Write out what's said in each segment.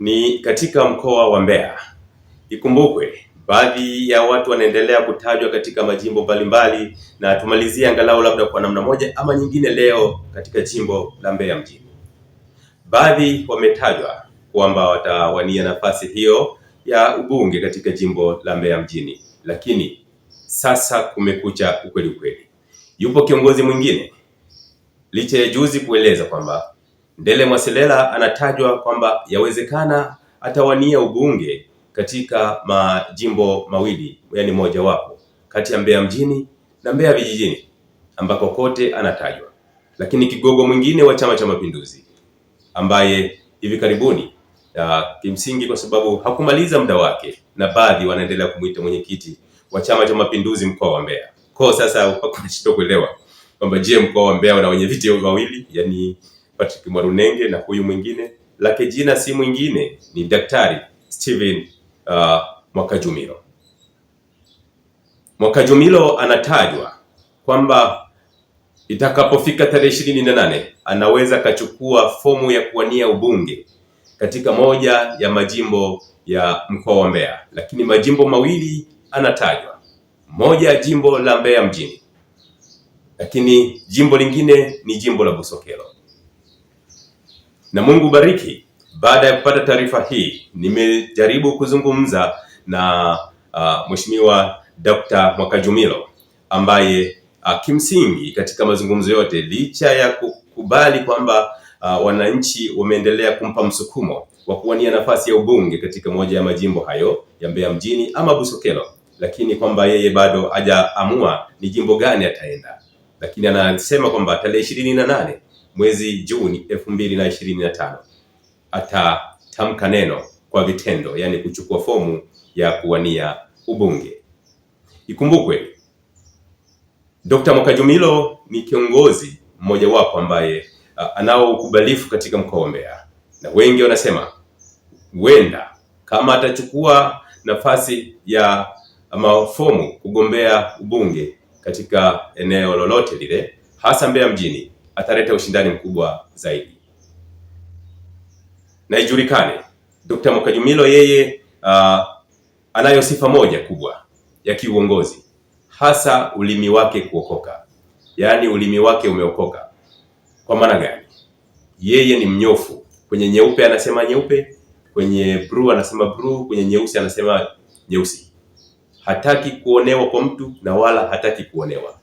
ni katika mkoa wa Mbeya. Ikumbukwe baadhi ya watu wanaendelea kutajwa katika majimbo mbalimbali, na tumalizie angalau labda kwa namna moja ama nyingine leo katika jimbo la Mbeya mjini. Baadhi wametajwa kwamba watawania nafasi hiyo ya ubunge katika jimbo la Mbeya mjini, lakini sasa kumekucha ukweli ukweli. Yupo kiongozi mwingine licha ya juzi kueleza kwamba Ndele Mwaselela anatajwa kwamba yawezekana atawania ubunge katika majimbo mawili, yaani mojawapo kati ya Mbeya mjini na Mbeya vijijini, ambako kote anatajwa. Lakini kigogo mwingine wa Chama cha Mapinduzi ambaye hivi karibuni na kimsingi kwa sababu hakumaliza muda wake na baadhi wanaendelea kumwita mwenyekiti wa Chama cha Mapinduzi mkoa wa Mbeya. Kwa sasa kuelewa kwamba je, mkoa wa Mbeya una wenyeviti wawili, yaani Patrick Mwarunenge na huyu mwingine lake jina si mwingine ni Daktari Steven uh, Mwakajumilo. Mwakajumilo anatajwa kwamba itakapofika tarehe ishirini na nane anaweza akachukua fomu ya kuwania ubunge katika moja ya majimbo ya mkoa wa Mbeya, lakini majimbo mawili anatajwa, moja jimbo la Mbeya mjini, lakini jimbo lingine ni jimbo la Busokelo na Mungu bariki. Baada ya kupata taarifa hii, nimejaribu kuzungumza na uh, Mheshimiwa Dr. Mwakajumilo ambaye uh, kimsingi katika mazungumzo yote licha ya kukubali kwamba uh, wananchi wameendelea kumpa msukumo wa kuwania nafasi ya ubunge katika moja ya majimbo hayo ya Mbeya mjini ama Busokelo, lakini kwamba yeye bado hajaamua ni jimbo gani ataenda, lakini anasema kwamba tarehe ishirini na nane mwezi Juni elfu mbili na ishirini na tano atatamka neno kwa vitendo, yaani kuchukua fomu ya kuwania ubunge. Ikumbukwe Dr. Mwakajumilo ni kiongozi mmojawapo ambaye anao ukubalifu katika mkoa wa Mbeya, na wengi wanasema huenda kama atachukua nafasi ya mafomu kugombea ubunge katika eneo lolote lile, hasa Mbeya mjini ataleta ushindani mkubwa zaidi. Na ijulikane Dr. Mwakajumilo yeye uh, anayo sifa moja kubwa ya kiuongozi, hasa ulimi wake kuokoka, yaani ulimi wake umeokoka. Kwa maana gani? Yeye ni mnyofu. Kwenye nyeupe anasema nyeupe, kwenye blue anasema blue, kwenye nyeusi anasema nyeusi. Hataki kuonewa kwa mtu na wala hataki kuonewa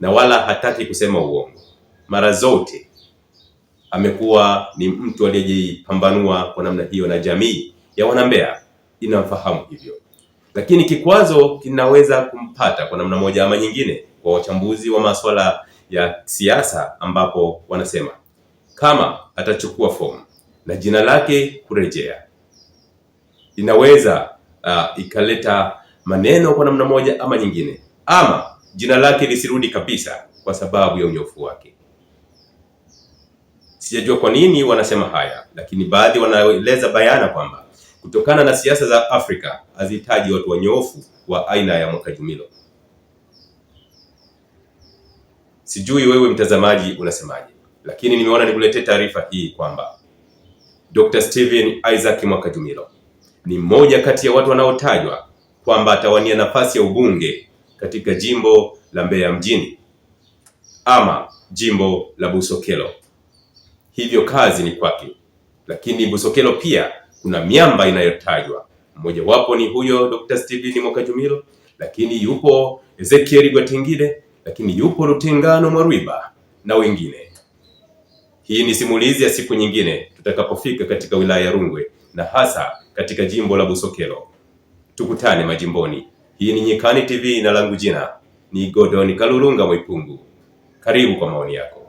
na wala hataki kusema uongo mara zote amekuwa ni mtu aliyejipambanua kwa namna hiyo, na jamii ya wanambea inamfahamu hivyo. Lakini kikwazo kinaweza kumpata kwa namna moja ama nyingine kwa wachambuzi wa masuala ya siasa, ambapo wanasema kama atachukua fomu na jina lake kurejea, inaweza uh, ikaleta maneno kwa namna moja ama nyingine, ama jina lake lisirudi kabisa kwa sababu ya unyofu wake. Sijajua kwa nini wanasema haya, lakini baadhi wanaeleza bayana kwamba kutokana na siasa za Afrika hazihitaji watu wanyofu wa aina ya Mwakajumilo. Sijui wewe mtazamaji unasemaje, lakini nimeona nikuletee taarifa hii kwamba Dr. Steven Isaac Mwakajumilo ni mmoja kati ya watu wanaotajwa kwamba atawania nafasi ya ubunge katika jimbo la Mbeya mjini ama jimbo la Busokelo hivyo kazi ni kwake. Lakini Busokelo pia kuna miamba inayotajwa, mmojawapo ni huyo Dr. Steven Mwakajumilo, lakini yupo Ezekiel Gwatengile, lakini yupo Rutengano Mwarwiba na wengine. Hii ni simulizi ya siku nyingine tutakapofika katika wilaya ya Rungwe na hasa katika jimbo la Busokelo. Tukutane majimboni. Hii ni Nyikani TV na langu jina ni Godoni Kalurunga Mwipungu. Karibu kwa maoni yako.